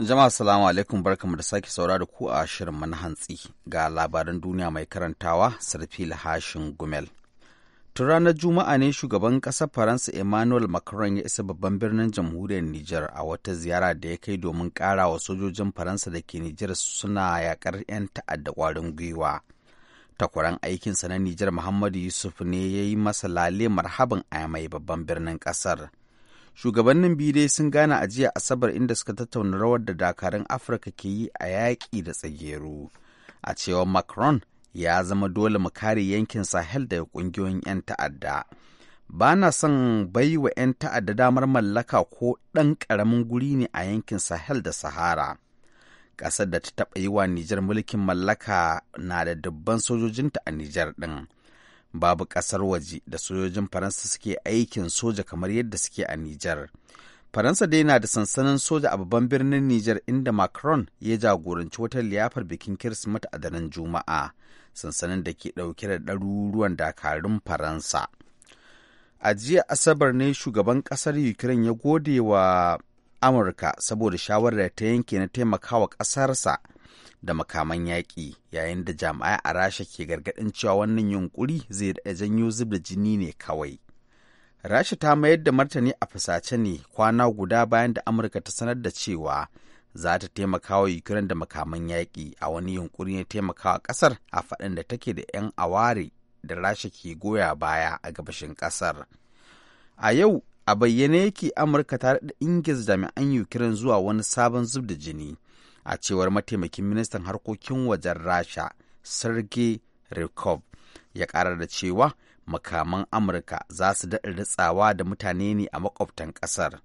Jama'a salamu alaikum barkamu da sake saura da ku a shirin mana hantsi ga labaran duniya mai karantawa sarfila hashin gumel. Tun ranar Juma'a ne shugaban ƙasar Faransa Emmanuel Macron ya isa babban birnin jamhuriyar Nijar a wata ziyara da ya kai domin ƙara wa sojojin Faransa da ke Nijar suna yaƙar 'yan ta'adda ƙwarin gwiwa. Takwaran aikinsa na Nijar Muhammadu Yusuf ne ya yi masa lale marhaban a mai babban birnin ƙasar. shugabannin biyu dai sun gane a jiya asabar inda suka tattauna rawar da dakarun afirka ke yi a yaƙi da tsageru a cewar macron ya zama dole mu kare yankin sahel daga ƙungiyoyin 'yan ta'adda ba na son bai wa 'yan ta'adda damar mallaka ko ɗan ƙaramin guri ne a yankin sahel da sahara ƙasar da ta taɓa yi wa nijar mulkin mallaka na da dubban sojojinta a nijar ɗin babu ƙasar waje da sojojin faransa suke aikin soja kamar yadda suke a nijar faransa dai na da sansanin soja a babban birnin nijar inda macron ya jagoranci wata liyafar bikin kirsimeti a daren juma'a sansanin da ke ɗauke da ɗaruruwan dakarun faransa a jiya asabar ne shugaban ƙasar ukraine ya gode wa amurka saboda shawarar ta yanke na taimakawa ƙasarsa da makaman yaƙi yayin da jami'ai a rasha ke gargaɗin cewa wannan yunkuri zai da janyo zub da jini ne kawai rasha ta mayar da martani a fasace ne kwana guda bayan da amurka ta sanar da cewa za ta taimaka wa ukraine da makaman yaƙi a wani yunkuri ne taimakawa ƙasar a faɗin da take da 'yan aware da rasha ke goya baya a gabashin ƙasar a yau a bayyane yake amurka ta da ingiz jami'an ukraine zuwa wani sabon zub da jini a cewar mataimakin ministan harkokin wajen rasha sergei rikov ya ƙara da cewa makaman amurka za su daɗa ritsawa da mutane ne a makwabtan ƙasar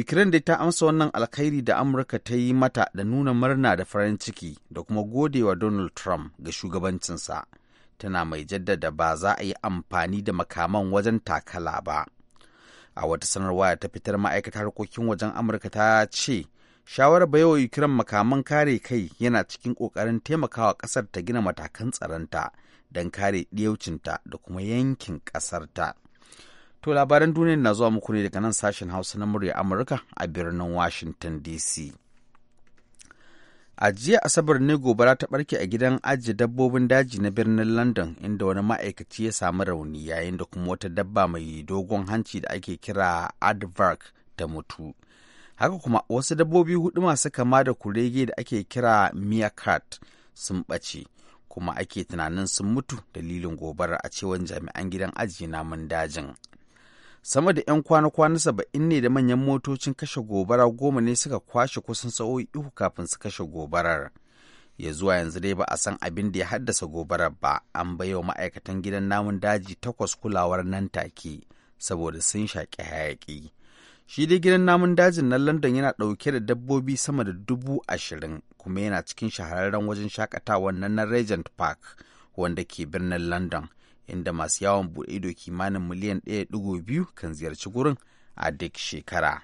ukraine da ta amsa wannan alkhairi da amurka ta yi mata da nuna murna da farin ciki da kuma godewa donald trump ga shugabancinsa tana mai jaddada ba za a yi amfani da makaman wajen takala ba a wata sanarwa ta fitar ma'aikatar harkokin wajen amurka ta ce shawarar baiwa kiran makaman kare kai yana cikin ƙoƙarin taimakawa ƙasar ta gina matakan tsaronta don kare ɗiyaucinta da kuma yankin ƙasarta to labaran duniya na zuwa muku ne daga nan sashen hausa na murya amurka a birnin washington dc a jiya asabar ne gobara ta barke a gidan ajiye dabbobin daji na birnin london inda wani ma'aikaci ya samu rauni yayin da kuma wata dabba mai dogon hanci da ake kira advark ta mutu haka kuma wasu dabbobi hudu masu kama da kurege da ake kira meerkat sun ɓace kuma ake tunanin sun mutu dalilin gobarar a cewar jami'an gidan ajiye namun dajin sama da 'yan kwana-kwana saba'in ne da manyan motocin kashe gobara goma ne suka kwashe kusan sa'o'i uku kafin su kashe gobarar ya zuwa yanzu dai ba a san abin da ya haddasa gobarar ba an baiwa ma'aikatan gidan namun daji takwas kulawar nan take saboda sun shaƙi hayaƙi shi dai gidan namun dajin na london yana ɗauke da dabbobi sama da dubu ashirin kuma yana cikin shahararren wajen shakatawa na regent park wanda ke birnin london inda masu yawon buɗe ido kimanin miliyan biyu kan ziyarci gurin a duk shekara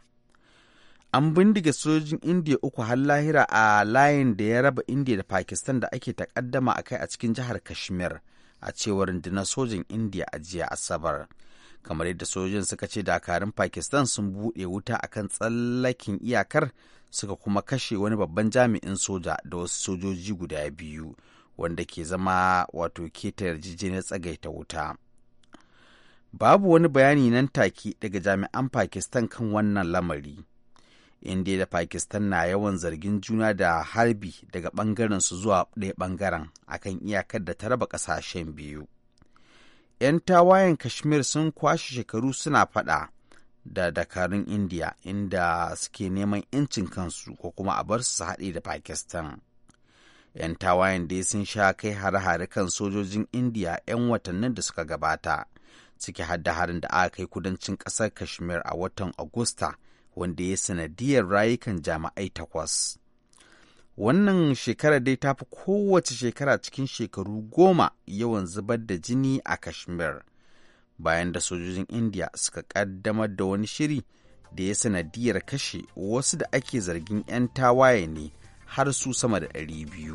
an bindiga sojojin indiya uku har lahira a layin da ya raba indiya da pakistan da ake takaddama a kai a cikin jihar kashmir a cewar rundunar sojin indiya a jiya asabar kamar yadda sojojin suka ce dakarun pakistan sun buɗe wuta akan tsallakin iyakar suka kuma kashe wani babban jami'in soja da wasu sojoji guda biyu wanda ke zama wato keta yarjejeniyar tsagaita wuta babu wani bayani nan take daga jami'an pakistan kan wannan lamari inda da pakistan na yawan zargin juna da harbi daga bangaren su zuwa ɗaya bangaren akan iyakar da ta raba ƙasashen biyu 'yan tawayen kashmir sun kwashe shekaru suna faɗa da dakarun indiya inda suke neman 'yancin kansu ko kuma a bar su haɗe da pakistan 'yan tawayen dai sun sha kai hare-hare kan sojojin indiya 'yan watannin da suka gabata ciki hada harin da aka kai kudancin ƙasar kashmir a watan agusta wanda ya sanadiyar rayukan jami'ai takwas wannan shekarar dai ta fi kowace shekara cikin shekaru goma yawan zubar da jini a kashmir bayan da sojojin india suka kaddamar da wani shiri da ya sanadiyar kashe wasu da ake zargin 'yan tawaye ne har su sama da 200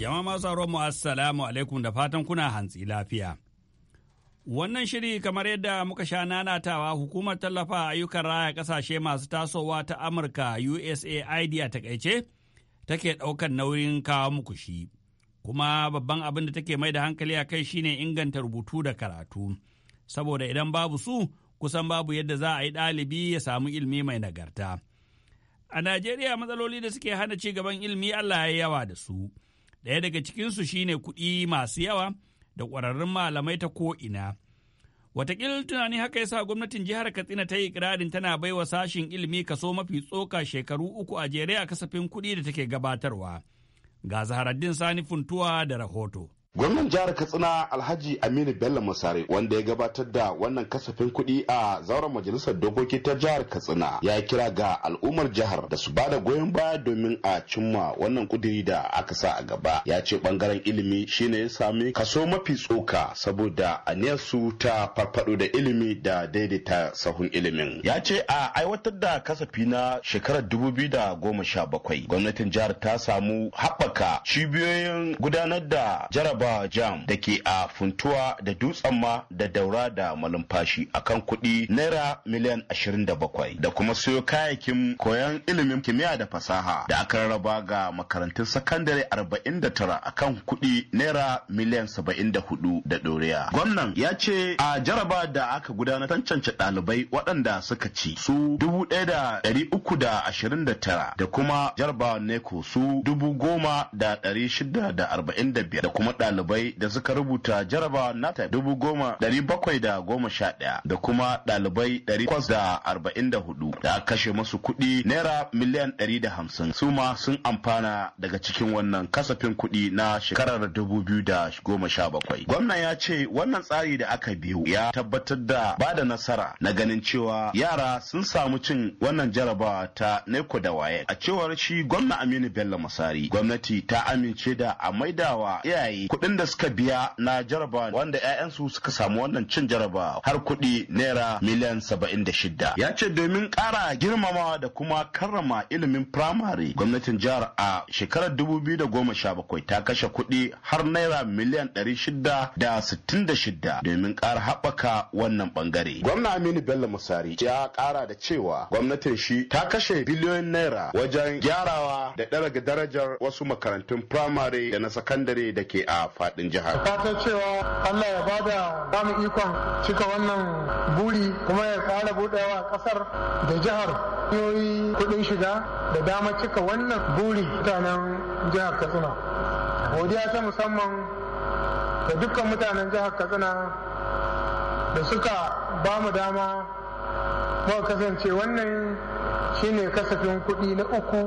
Jama'a masu mu assalamu alaikum da fatan kuna hantsi lafiya. Wannan shiri kamar yadda muka sha nanatawa hukumar tallafa ayyukan raya kasashe masu tasowa ta Amurka USAID a takaice take ɗaukan nauyin kawo muku shi. Kuma babban abin da take mai da hankali a kai shine inganta rubutu da karatu. Saboda idan babu su kusan babu yadda za a yi ɗalibi ya samu ilmi mai nagarta. A Najeriya matsaloli da suke hana ci gaban ilmi Allah ya yawa da su. Ɗaya daga cikinsu shine kuɗi masu yawa da ƙwararrun malamai ta ko'ina. Wataƙil tunani haka ya sa gwamnatin jihar Katsina ta yi ikirarin tana baiwa sashin ilimi kaso mafi tsoka shekaru uku a jere a kasafin kuɗi da take gabatarwa. Ga Zaharaddin Sani Funtuwa da rahoto. Gwamnan jihar Katsina Alhaji Aminu Bello Musare wanda ya gabatar da wannan kasafin kuɗi a zauren majalisar dokoki ta jihar Katsina ya kira ga al'ummar jihar da su bada goyon baya domin a cimma wannan kudiri da aka sa a gaba. Ya ce bangaren ilimi shine ya sami kaso mafi tsoka saboda aniyar su ta farfado da ilimi da daidaita sahun ilimin. Ya ce a aiwatar da kasafi na shekarar dubu biyu da goma sha bakwai, gwamnatin jihar ta samu haɓaka cibiyoyin gudanar da jarab Taraba Jam da ke a Funtuwa da Dutsen ma da Daura da Malumfashi kan kuɗi naira miliyan 27 da kuma siyo kayayyakin koyon ilimin kimiyya da fasaha da aka rarraba ga makarantun sakandare 49 kan kuɗi naira miliyan 74 da ɗoriya. Gwamnan ya ce a jaraba da aka gudanar tantance ɗalibai waɗanda suka ci su 1,329 da kuma jaraba neko su goma da kuma ɗalibai da suka rubuta jaraba ta dubu goma ɗari bakwai da goma sha ɗaya da kuma ɗalibai ɗari kwas da arba'in da hudu da kashe masu kuɗi naira miliyan ɗari da hamsin su ma sun amfana daga cikin wannan kasafin kuɗi na shekarar dubu biyu da goma sha bakwai. Gwamna ya ce wannan tsari da aka biyu ya tabbatar da ba da nasara na ganin cewa yara sun samu cin wannan jarabawa ta neko da waye. A cewar shi gwamna Aminu Bello Masari gwamnati ta amince da a maidawa iyaye kuɗin da suka biya na jaraba wanda 'ya'yansu suka samu wannan cin jaraba har kuɗi naira miliyan saba'in da shida ya ce domin ƙara girmamawa da kuma karrama ilimin firamare gwamnatin jihar a shekarar dubu biyu da goma sha bakwai ta kashe kuɗi har naira miliyan ɗari shida da sittin da shida domin ƙara haɓaka wannan ɓangare gwamna aminu bello musari ya ƙara da cewa gwamnatin shi ta kashe biliyoyin naira wajen gyarawa da ɗaraga darajar wasu makarantun firamare da na sakandare da ke a fadin jihar. Fatan cewa Allah ya bada damu ikon cika wannan buri kuma ya ƙara buɗewa ƙasar da jihar Yoyi kuɗin shiga da dama cika wannan buri mutanen jihar Katsina. Godiya ta musamman da dukkan mutanen jihar Katsina da suka ba mu dama muka kasance wannan shine kasafin kuɗi na uku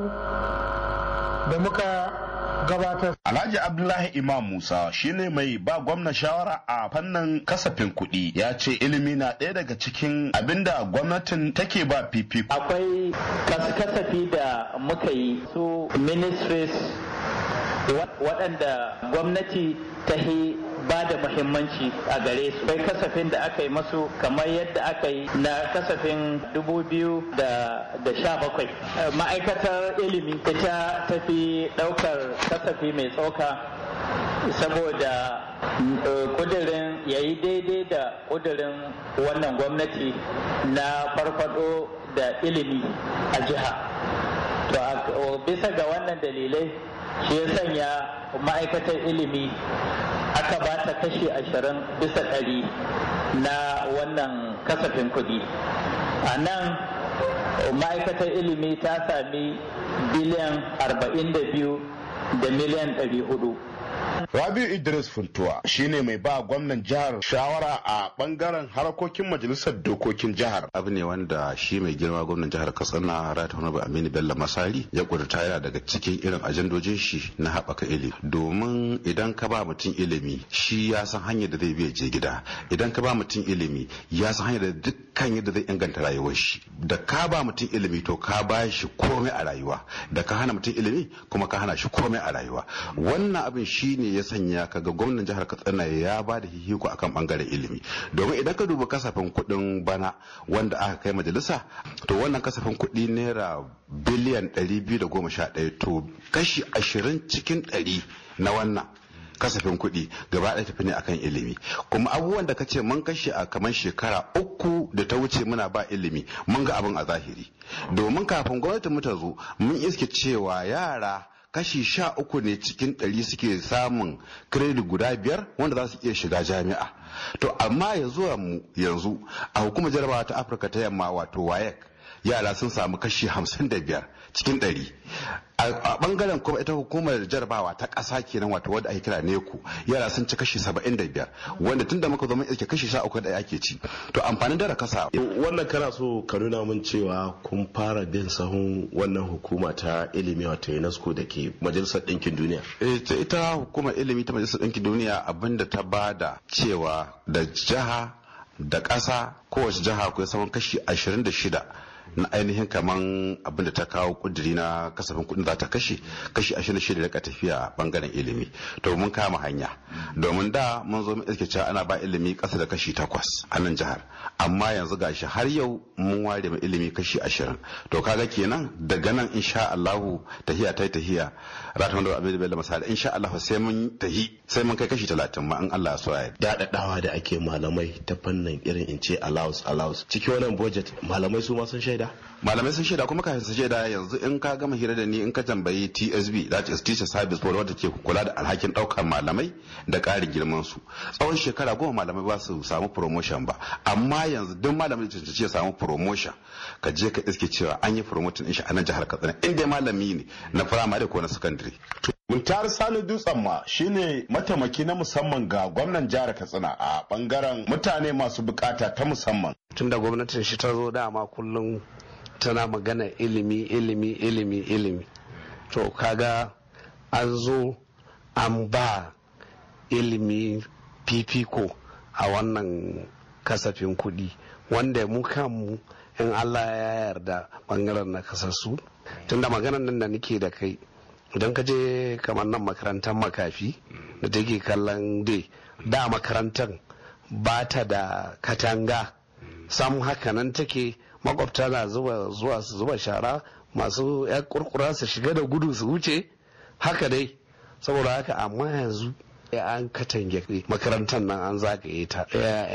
da muka gabatar. Alhaji Abdullahi Imam Musa shine mai ba gwamna shawara a fannin kasafin kuɗi ya ce ilimi na ɗaya daga cikin abinda gwamnatin take ba fifiko. Akwai kasafi da muka yi su ministries waɗanda gwamnati ta yi ba da muhimmanci a gare su bai kasafin da aka yi masu kamar yadda aka yi na kasafin 2017 eh, ma'aikatar ilimi ta tafi ɗaukar kasafi mai tsoka saboda eh, ƙudurin ya yi daidai da ƙudurin wannan gwamnati na farfado da ilimi a jiha to bisa ga wannan dalilai shi ya sanya ma'aikatar ilimi aka ba ta kashe ashirin bisa ɗari na wannan kasafin kuɗi a nan ma'aikatar ilimi ta sami biliyan arba'in da biyu da miliyan ɗari hudu Rabiu Idris Funtuwa shine mai ba gwamnan jihar shawara a bangaren harkokin majalisar dokokin jihar. Abu ne wanda shi mai girma gwamnan jihar Katsina Rata Honorable Aminu Bello Masari ya kudurta yana daga cikin irin ajandojin shi na haɓaka ilimi. Domin idan ka ba mutum ilimi shi ya san hanyar da zai biya je gida. Idan ka ba mutum ilimi ya san hanyar da duk kan yadda zai inganta rayuwar shi da ka ba mutum ilimi to ka ba shi komai a rayuwa da ka hana mutum ilimi kuma ka hana shi komai a rayuwa wannan abin shi ne ya sanya ka ga gwamnan jihar katsina ya ba da hihiku akan bangaren ilimi domin idan ka duba kasafin kuɗin bana wanda aka kai majalisa to wannan kasafin kuɗi naira biliyan ɗari biyu da goma sha ɗaya to kashi ashirin cikin ɗari na wannan kasafin kuɗi gaba ɗaya tafi ne akan ilimi kuma abubuwan da kace mun kashe a kamar shekara uku da ta wuce muna ba ilimi mun ga abin a zahiri domin kafin gwamnati mu ta zo mun iske cewa yara kashi sha uku ne cikin ɗari suke samun kiredi guda biyar wanda za su iya shiga jami'a to amma ya zuwa mu yanzu a hukumar jarabawa ta afirka ta yamma wato wayek yara sun samu kashi hamsin da biyar cikin ɗari a bangaren kuma ita hukumar jarabawa ta ƙasa kenan wato wadda ake kira neku yara sun ci kashi 75 wanda tunda muka zo mun iske kashi 13 da ake ci to amfanin dara kasa wannan kana so ka nuna mun cewa kun fara bin sahun wannan hukuma ta ilimi wato UNESCO da ke majalisar ɗinkin duniya eh, ita hukumar ilimi ta majalisar ɗinkin duniya abinda ta bada cewa da jiha da ƙasa kowace jiha akwai sabon kashi 26 na ainihin kaman abinda ta kawo kudiri na kasafin kudin za ta kashe kashi ashirin da daga tafiya bangaren ilimi to mun kama hanya domin da mun zo mun iske ana ba ilimi kasa da kashi takwas a nan jihar amma yanzu gashi har yau mun ware mu ilimi kashi ashirin to kaga kenan daga nan insha Allahu tahiya tai tahiya ratan da abin da misali insha Allahu sai mun tahi sai mun kai kashi talatin ma in Allah so ya dadadawa da ake malamai ta fannin irin in ce allows allows cikin wannan budget malamai su ma sun shaida shaida malamai sun shaida kuma kafin su shaida yanzu in ka gama hira da ni in ka tambayi TSB that is teacher service board wanda ke kula da alhakin daukar malamai da karin girman su tsawon shekara goma malamai ba su samu promotion ba amma yanzu duk malamin da ya samu promotion ka je ka iske cewa an yi promotion din shi a nan jihar Katsina in dai malami ne na primary ko na secondary Muntar Sani Dutsen ma shine mataimaki na musamman ga gwamnan jihar Katsina a bangaren mutane masu bukata ta musamman. Tunda gwamnatin shi ta zo dama kullum tana magana ilimi ilimi ilimi ilimi. To kaga an zo an ba ilimi fifiko a wannan kasafin kuɗi wanda mu kanmu in Allah ya yarda bangaren na kasassu tunda maganan nan da nake da kai idan ka je kamar nan makarantar makafi da take kallon dai da makarantar ba ta da katanga sam haka nan take makwabta na zuwa zuwa su zuba shara masu ya kurkura su shiga da gudu su wuce haka dai saboda haka amma yanzu an katange makarantar nan an zagaye ta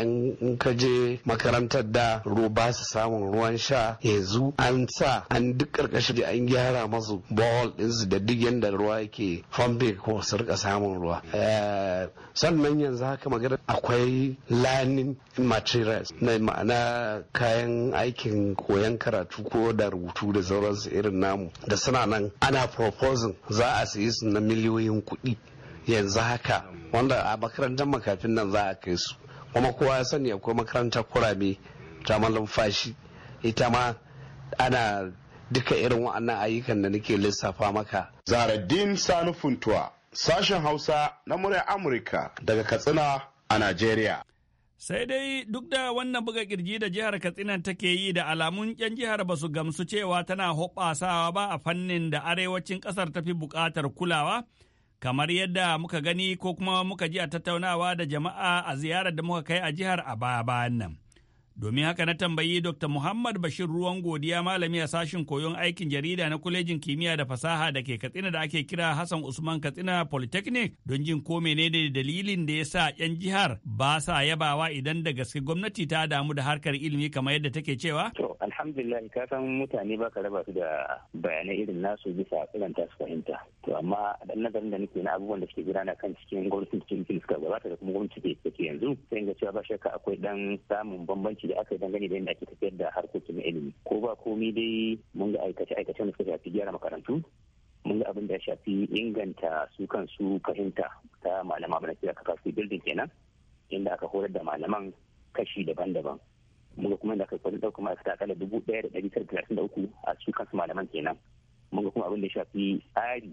in ka je makarantar da ba su samun ruwan sha yanzu an sa an duk karkashin da an gyara masu bowl ɗinsu da duk yadda ruwa yake famfe ko su rika samun ruwa eh, sannan yanzu haka magana akwai learning materials na ma'ana kayan aikin koyon karatu ko da rubutu da sauransu irin namu da suna nan ana proposing za a sayi su na miliyoyin kuɗi yanzu haka wanda a makarantar makafin nan za a kai su kuma kowa ya sani akwai makarantar kurame ta fashi ita ma ana duka irin wa'annan ayyukan da nake lissafa maka zaradin sani funtuwa sashen hausa na murya amurka daga katsina a najeriya sai dai duk da wannan buga kirji da jihar katsina take yi da alamun yan jihar ba su gamsu cewa tana hoɓasawa ba a fannin da arewacin ƙasar tafi buƙatar kulawa kamar yadda muka gani ko kuma muka ji a tattaunawa da jama'a a ziyarar da muka kai a jihar a baya bayan nan. Domin haka na tambayi Dr. Muhammad Bashir Ruwan Godiya malami a sashen koyon aikin jarida na kwalejin kimiyya da fasaha da ke Katsina da ake kira Hassan Usman Katsina Polytechnic don jin ko menene dalilin da ya sa 'yan jihar ba sa yabawa idan da gaske gwamnati ta damu da harkar ilimi kamar yadda take cewa? To, alhamdulillah ka san mutane ba ka raba su da bayanai irin nasu bisa irin ta su fahimta. To, amma dan nazarin da nake na abubuwan da suke gudana kan cikin gwamnatin cikin suka gabata da kuma gwamnati ke yanzu sai ga cewa ba shakka akwai dan samun bambanci da aka yi dangane da yadda ake tafiyar da harkokin na ilimi ko ba komi dai mun ga aikace aikace da suka shafi gyara makarantu mun ga abin da ya shafi inganta su kansu fahimta ta malama mana kira capacity building kenan inda aka horar da malaman kashi daban-daban mun ga kuma inda aka kwanin ɗaukar ma'aikata akalla dubu ɗaya da ɗari talatin da uku a su kansu malaman kenan mun ga kuma abin da ya shafi tsari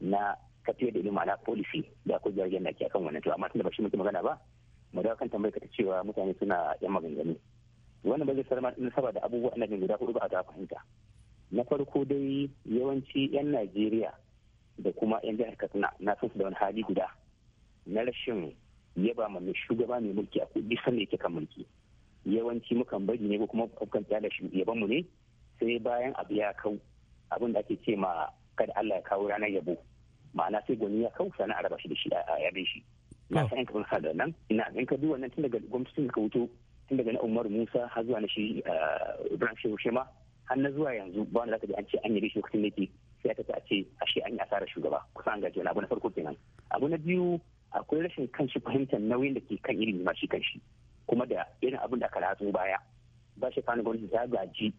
na tafiyar da ilimi ma'ana policy da akwai jirgin da ke akan wannan to amma tun da ba shi muke magana ba mu dawo kan tambayar ta cewa mutane suna yan maganganu wannan bai sarma din saboda abubuwa na jin guda hudu ba a fahimta na farko dai yawanci yan Najeriya da kuma yan jihar Katsina na san su da wani hali guda na rashin yaba ma mai shugaba mai mulki a kudi sanda yake kan mulki yawanci mukan bari ne ko kuma kan tsada shi yaban mu ne sai bayan abu ya kau abin da ake ce ma kada Allah ya kawo ranar yabo ma'ana sai gwani ya kau sanar a shi da shi a yabe shi na san kamar sa da nan ina in ka duba nan tun daga gwamnatin ka wuto tun daga na Umar Musa har zuwa na shi eh, Ibrahim Shehu Shema har na zuwa yanzu ba wanda zaka ji an ce an yi a lokacin da yake sai aka ta ce ashe an yi asarar shugaba kusan gaje na abu na farko kenan abu na biyu akwai rashin kanshi fahimtar nauyin da ke kan ilimi ma shi kanshi kuma da irin abin da aka ratso baya ba shi fani gwamnati ta gaji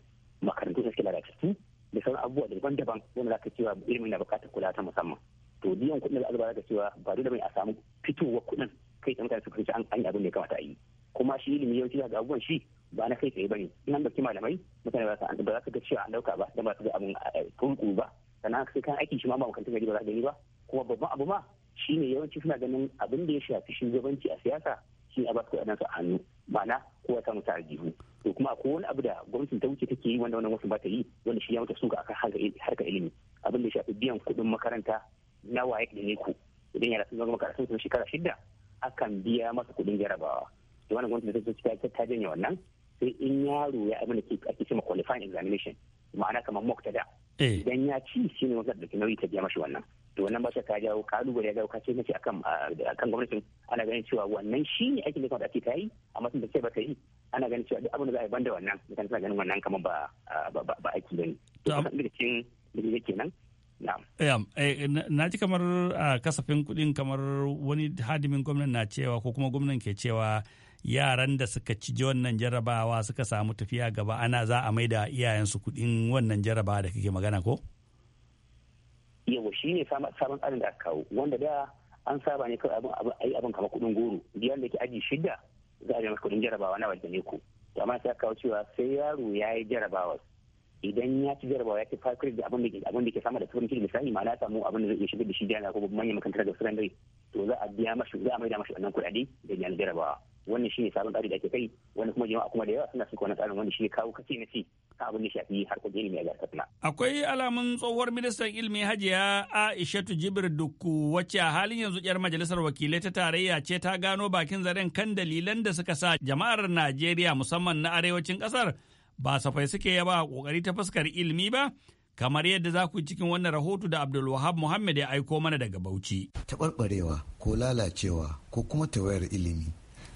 makarantu da suke lalatattu da sauran abubuwa daban-daban wanda za ka cewa ilimin na bukatar kula ta musamman to biyan kuɗin da albarka cewa ba da bane a samu fitowa kuɗin kai tsaye mutane su fahimci an yi abin da ya kamata a yi kuma shi ilimi yawanci ga abubuwan shi ba na kai tsaye bane in an dauki malamai mutane ba za su ga cewa an dauka ba da ba su ga abin kurku ba sannan sai kan aiki shi ma ba makarantar gari ba za gani ba kuma babban abu ma ne yawanci suna ganin abin da ya shafi shugabanci a siyasa shi a ba su a hannu ma'ana kowa samu ta aljihu to kuma akwai wani abu da gwamnatin ta wuce take yi wanda wannan wasu ba ta yi wanda shi ya mata suka akan harkar ilimi abin da ya shafi biyan kuɗin makaranta na waye ɗin ku idan yara sun zama karatun sun shekara shida akan biya masa kuɗin jarabawa to wannan gwamnati da ta ta ta janye wannan sai in yaro ya abin da ke ake cewa qualifying examination ma'ana kamar mock ta da eh. idan ya ci shi ne wannan da ke nauyi ta biya mashi wannan to wannan ba ka jawo kalubale ya jawo ce mace akan akan gwamnatin ana ganin cewa wannan shi ne nufin da ake ta yi amma sun da ce ba ta yi ana ganin cewa duk abin da za a yi banda wannan mutane suna ganin wannan kamar ba ba ba aiki bane to amma da cikin da yake nan Eh, na ji kamar a ah, kasafin kuɗin kamar wani hadimin gwamnan na cewa ko kuma gwamnan ke cewa yaran da suka ci wannan jarabawa suka samu tafiya gaba ana za a maida iyayensu kuɗin wannan jarabawa da kake magana ko? yawa shi ne sabon tsarin da aka kawo wanda da an saba ne kawai abin abin kamar kuɗin goro biyan da ke aji shida za a jama kudin kuɗin jarabawa na wajen ne ko amma sai aka kawo cewa sai yaro ya yi jarabawa idan ya ci jarabawa ya ci fakir da abin da abin da ke sama da turin kiri misali ma na samu abin da zai iya shigar da shi jami'a ko manyan makarantar da secondary to za a biya mashi za a maida mashi wannan kuɗaɗe da yana jarabawa wannan shine sabon tsari da ake kai wani kuma jama'a kuma da yawa suna son wannan tsarin wanda shi kawo kace na ci ka abin da shafi harkar ilimi a jihar Katsina akwai alamun tsohuwar ministan ilimi Hajiya Aishatu Jibir Dukku wacce a halin yanzu yar majalisar wakilai ta tarayya ce ta gano bakin zaren kan dalilan da suka sa jama'ar Najeriya musamman na arewacin kasar ba safai suke yaba a kokari ta fuskar ilimi ba kamar yadda za ku cikin wannan rahoto da Abdulwahab Muhammad ya aiko mana daga Bauchi. Taɓarɓarewa ko lalacewa ko kuma tawayar ilimi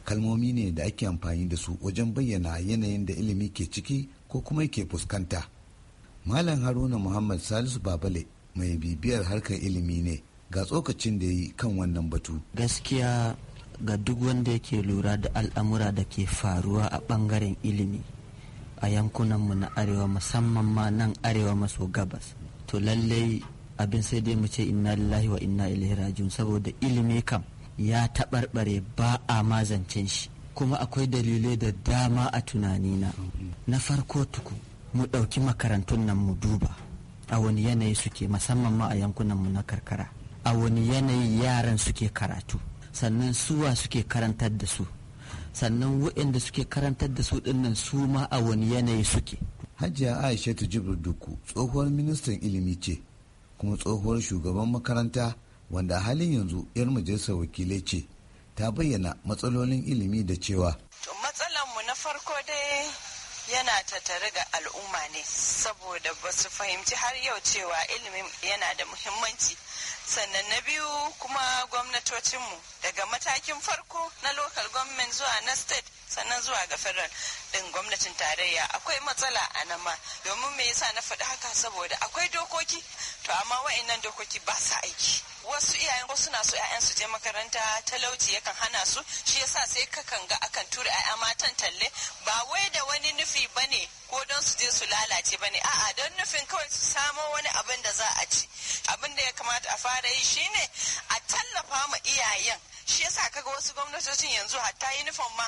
kalmomi ne da ake amfani da su wajen bayyana yanayin da ilimi ke ciki ko kuma yake fuskanta. Malam Haruna Muhammad Salisu Babale mai bibiyar harkar ilimi ne ga tsokacin da yi kan wannan batu. Gaskiya ga duk wanda yake lura da al'amura da ke faruwa a ɓangaren ilimi a yankunanmu na arewa musamman ma nan arewa maso gabas to lallai abin sai dai mu ce inna lillahi wa inna ilaihi rajiun saboda ilimi kam ya taɓarɓare ba a mazancen shi kuma akwai dalilai da dama a tunani na na farko tuku mu ɗauki makarantun nan mu duba a wani yanayi suke musamman ma a yankunanmu na karkara a wani yanayi yaran suke karatu sannan suwa suke karantar da su sannan waɗanda suke karantar da su dinnan su ma a wani yanayi suke. Hajiya Aisha ta Jibril Duku tsohuwar ministan ilimi ce kuma tsohuwar shugaban makaranta wanda halin yanzu 'yar majalisar wakilai ce ta bayyana matsalolin ilimi da cewa. To mu na farko dai yana tattare ga al'umma ne saboda ba su fahimci har yau cewa ilimin yana da muhimmanci sannan na biyu kuma gwamnatocinmu daga matakin farko na local government zuwa na state sannan zuwa ga federal din gwamnatin tarayya akwai matsala a nan ma domin me yasa na faɗi haka saboda akwai dokoki to amma wa'annan dokoki ba su aiki wasu iyayen ko suna so ƴaƴan su je makaranta talauci yakan hana su shi yasa sai kakan ga akan tura ƴaƴa matan talle ba wai da wani nufi bane ko don su je su lalace bane a'a don nufin kawai su samo wani abin da za a ci abin da ya kamata a fara yi shine a tallafa ma iyayen shi yasa kaga wasu gwamnatocin yanzu hatta nufin ma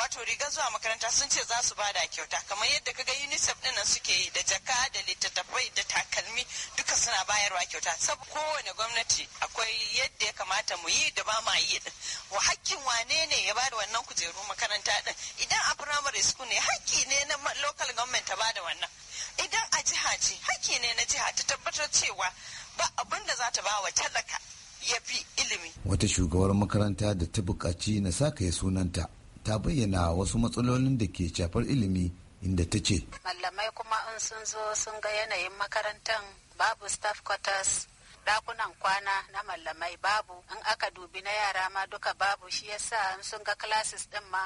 wato rigar zuwa makaranta sun ce za su bada kyauta kamar yadda ka kaga unicef dinnan suke yi da jaka da littattafai da takalmi duka suna bayarwa kyauta sab kowane gwamnati akwai yadda ya kamata mu yi da ba ma yi din wa hakkin wane ne ya bada wannan kujeru makaranta din idan a primary school ne hakki ne na local government ta bada wannan idan a jiha ce hakki ne na jiha ta tabbatar cewa ba abin da za ta ba wa talaka ya fi ilimi wata shugabar makaranta da ta buƙaci na saka ya sunanta ta bayyana wasu matsalolin da ke shafar ilimi inda ta ce. Mallamai kuma in sun zo sun ga yanayin makarantar babu staff quarters dakunan kwana na mallamai babu in aka dubi na yara ma duka babu shi yasa in sun ga classes din ma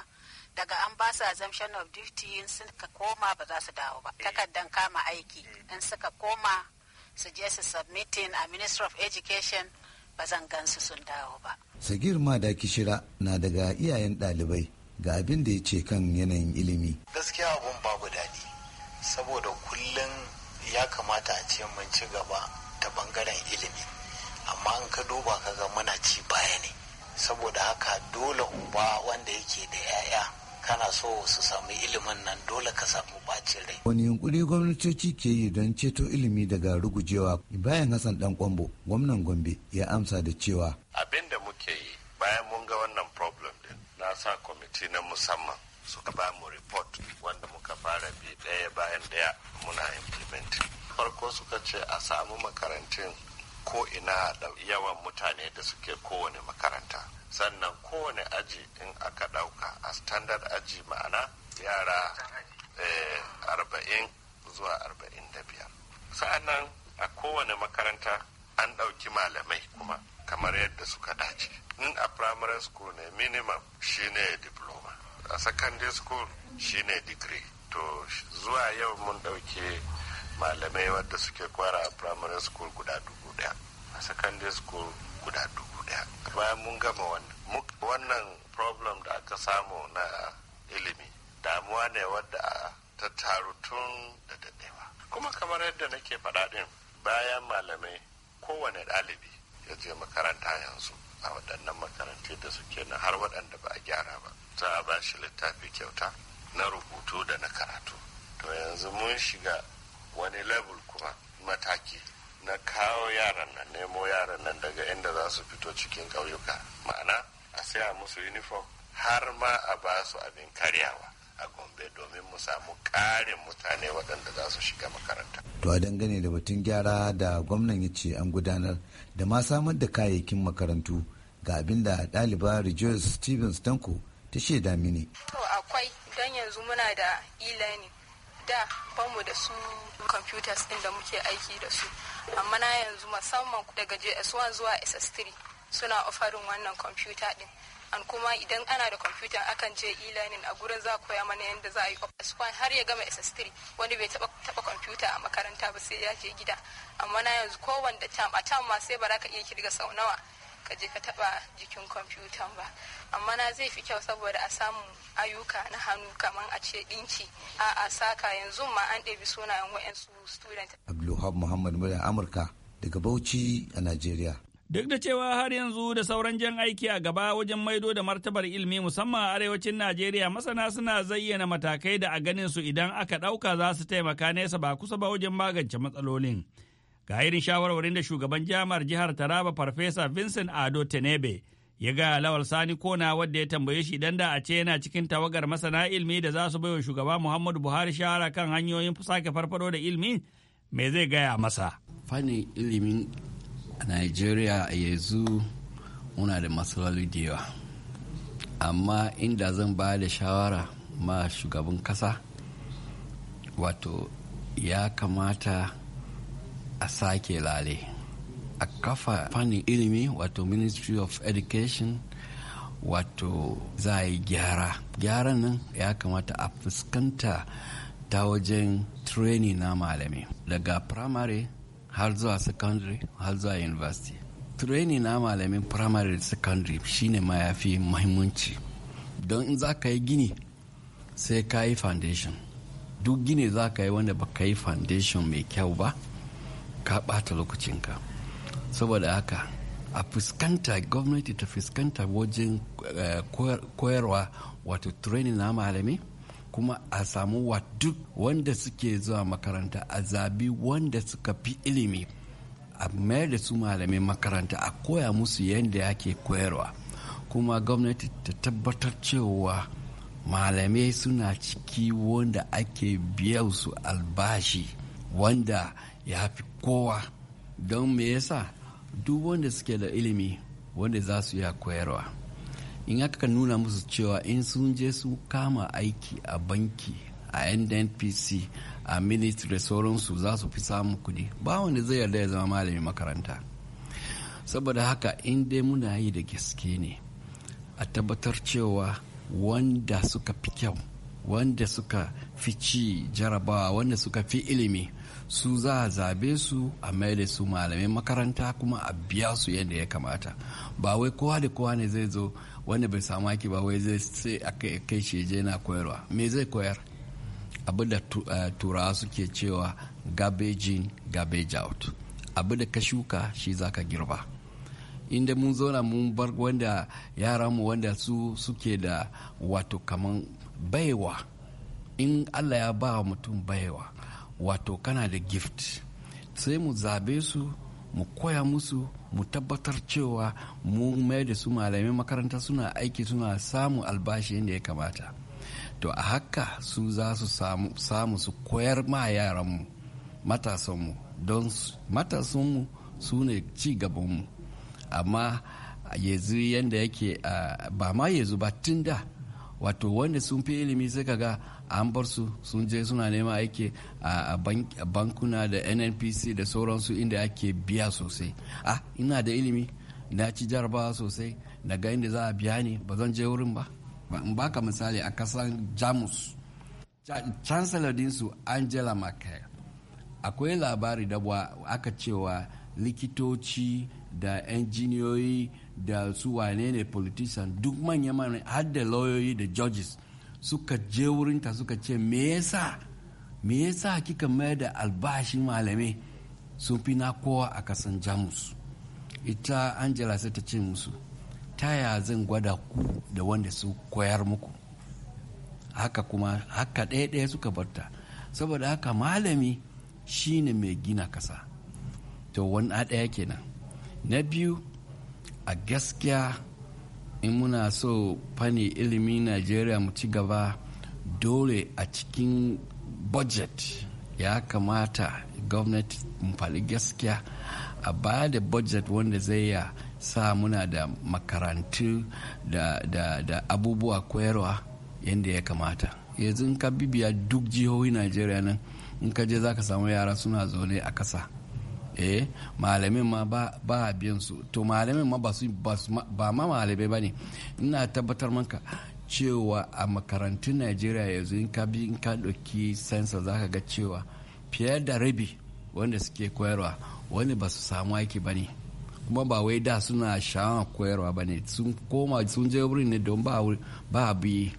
daga an ba su assumption of duty in suka koma ba za su dawo ba eh. takardar kama aiki eh. in suka koma su je su submitting a minister of education ba zan gansu sun dawo ba. Sagir da Kishira na daga iyayen ɗalibai ga abin da ya ce kan yanayin ilimi gaskiya abun babu daɗi saboda kullum ya kamata a ce mun ci gaba ta bangaren ilimi amma in ka duba ka ga muna ci baya ne saboda haka dole uba wanda yake da 'ya'ya kana so su sami ilimin nan dole ka samu bacin rai. Wani yunkuri gwamnatoci ke yi don ceto ilimi daga rugujewa bayan Hassan Dan Kwambo gwamnan Gombe ya amsa da cewa. Abin da muke yi bayan mun ga wannan problem na sa kwamiti na musamman suka ba mu report wanda muka fara bi ɗaya bayan ɗaya muna implementing farko suka ce a samu makarantun ko ina da yawan mutane da suke kowane makaranta sannan kowane aji in aka ɗauka a standard aji ma'ana yara eh, arba'in zuwa arba'in da biyar sa'annan a kowane makaranta an ɗauki malamai kuma kamar yadda suka dace in a primary school ne minimum shine diploma a secondary school shine degree to zuwa yau mun ɗauke malamai wadda suke kwara a primary school guda dubu daya a secondary school guda dubu daya bayan mun gama wannan wannan problem da aka samu na ilimi damuwa ne wadda ta taru tun da daɗewa kuma kamar yadda nake faɗaɗin. bayan malamai kowane ɗalibi ya je makaranta yanzu a waɗannan makarantar da suke na har waɗanda ba a gyara ba za a ba shi littafi kyauta na rubutu da na karatu to yanzu mun shiga wani level kuma mataki na kawo yaran nan nemo yaran nan daga inda za su fito cikin ƙauyuka ma'ana a saya musu uniform har ma a ba su abin karyawa a gombe domin mu samu ƙarin mutane waɗanda za su shiga makaranta. to a dangane da batun gyara da gwamnan ya ce an gudanar da ma samar da kayayyakin makarantu ga abin da ɗaliba rejoice stevens tanko ta shaida mini. to akwai don yanzu muna da e-learning da bamu da su computers ɗin da muke aiki da su amma na yanzu musamman daga js1 zuwa ss3 suna ofarin wannan kwamfuta ɗin an kuma idan ana da kwamfuta akan je e-learning a gurin za koya mana yadda za a yi ops har ya gama ss3 wani bai taba taba kwamfuta a makaranta ba sai ya je gida amma na yanzu wanda tam a tam ma sai ba za ka iya kirga sau nawa ka je ka taba jikin kwamfutan ba amma na zai fi kyau saboda a samu ayyuka na hannu kamar a ce dinki a a saka yanzu ma an ɗebi sunayen wa'yansu student abdulhab muhammad mulan amurka daga bauchi a najeriya Duk da cewa har yanzu da sauran jan aiki a gaba wajen maido da martabar ilimi musamman a arewacin Najeriya masana suna zayyana matakai da a ganin su idan aka ɗauka za su taimaka nesa ba kusa ba wajen magance matsalolin. Ga irin shawarwarin da shugaban jami'ar jihar Taraba Farfesa Vincent Ado Tenebe ya ga Lawal Sani Kona wadda ya tambaye shi idan da a ce yana cikin tawagar masana ilmi da za su baiwa shugaba Muhammadu Buhari shawara kan hanyoyin sake farfado da ilimi me zai gaya masa. Fannin ilimin a nigeria a yanzu muna da matsaloli da yawa amma inda zan ba da shawara ma shugaban kasa wato ya kamata a sake lale a kafa fannin ilimi wato ministry of education wato za a yi gyara gyaran nan ya kamata a fuskanta ta wajen training na malami daga primary har zuwa secondary har zuwa university training na malamin primary da secondary shine ma ya fi mahimmanci don in za ka yi gini sai ka yi foundation duk gini za ka yi wanda ba ka yi foundation mai kyau ba ka ɓata lokacinka saboda haka a fuskanta gwamnati ta fuskanta wajen eh, koyarwa wato training na malami kuma a samu wa duk wanda suke zuwa makaranta a zabi wanda suka fi ilimi a mayar da su malamai makaranta a koya musu yadda yake koyarwa kuma gwamnati ta tabbatar cewa malamai suna ciki wanda ake su albashi wanda ya fi kowa don me yasa duk wanda suke da ilimi wanda za su iya koyarwa in aka nuna musu cewa in sun je su kama aiki a banki a ndnpc a ministry sauransu za su fi samun kudi ba wanda zai yarda ya zama malamin makaranta saboda haka in dai muna yi da gaske ne a tabbatar cewa wanda suka fi kyau wanda suka fi ci jarabawa wanda suka fi ilimi su za a zabe su a maida su malamai makaranta kuma a biya su yadda ya kamata ba wai kowa da kowa ne zai zo wanda bai samu aiki ba wai zai sai a kai shi je na koyarwa me zai koyar abu da eh, turawa suke cewa garbage in garbage out abu da ka shuka shi za ka girba inda mun zauna mun bar wanda mu wanda su suke da wato kaman baiwa in allah ya ba mutum baiwa wato kana da gift sai mu zabe su mu koya musu mu tabbatar cewa mu mai da su malamai makaranta suna aiki suna samu albashi yadda ya kamata to a haka su za su samu su koyar ma yaranmu matasanmu don matasanmu su ne ci gabanmu amma yanzu yadda yake ba ma yanzu ba tun da wato wanda sun fi ilimi sai ga an bar su sun je suna neman aiki a bankuna da nnpc da sauransu inda ake biya sosai ah ina da ilimi na ci jarabawa sosai daga inda za a biya ni ba zan je wurin ba in baka misali a kasar jamus chancellor dinsu angela merkel akwai labari da aka cewa likitoci da injiniyoyi da su wane ne politician duk manya-manya har da lauyoyi da judges suka je wurinta suka ce me yasa me yasa kika mayar da albashin malamai sun fi na kowa a kasan jamus ita angela sai ta ce musu taya zan gwada ku da wanda su koyar muku haka kuma haka ɗaya-ɗaya suka barta saboda haka malami shine mai gina kasa to wani ɗaya kenan na biyu a gaskiya in muna so fani ilimin najeriya mu ci gaba dole a cikin budget ya kamata gwamnati mu faɗi gaskiya a ba da budget wanda zai ya sa muna da makarantu da, da, da abubuwa koyarwa yadda ya kamata yanzu ka bibiya duk jihohi najeriya nan in ka je za ka samu yara suna zaune a kasa eh malamin ma ba biyan su to malamin ma ba ma malamai ba ne ina tabbatar maka cewa a makarantun najeriya yanzu in ka bi in ka ɗauki sansa za ka ga cewa fiye da rabi wanda suke koyarwa wani ba su samu aiki ba ne kuma ba wai da suna sha'awar koyarwa ba ne sun koma sun je wurin ne don ba biyi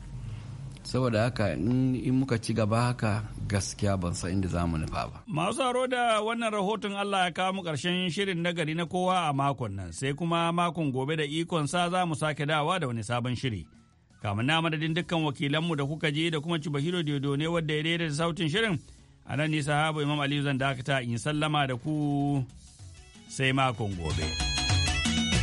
saboda haka in muka ci gaba haka gaskiya ban san inda zamu nufa ba masu aro da wannan rahoton Allah ya kawo mu karshen shirin nagari na kowa a makon nan sai kuma makon gobe da ikon sa za mu sake dawa da wani sabon shiri kamar na madadin dukkan wakilanmu da kuka je da kuma Cibahiro Dodo ne wadda ya daidaita sautin shirin a nan ni sahabu Imam Aliyu zan dakata in sallama da ku sai makon gobe.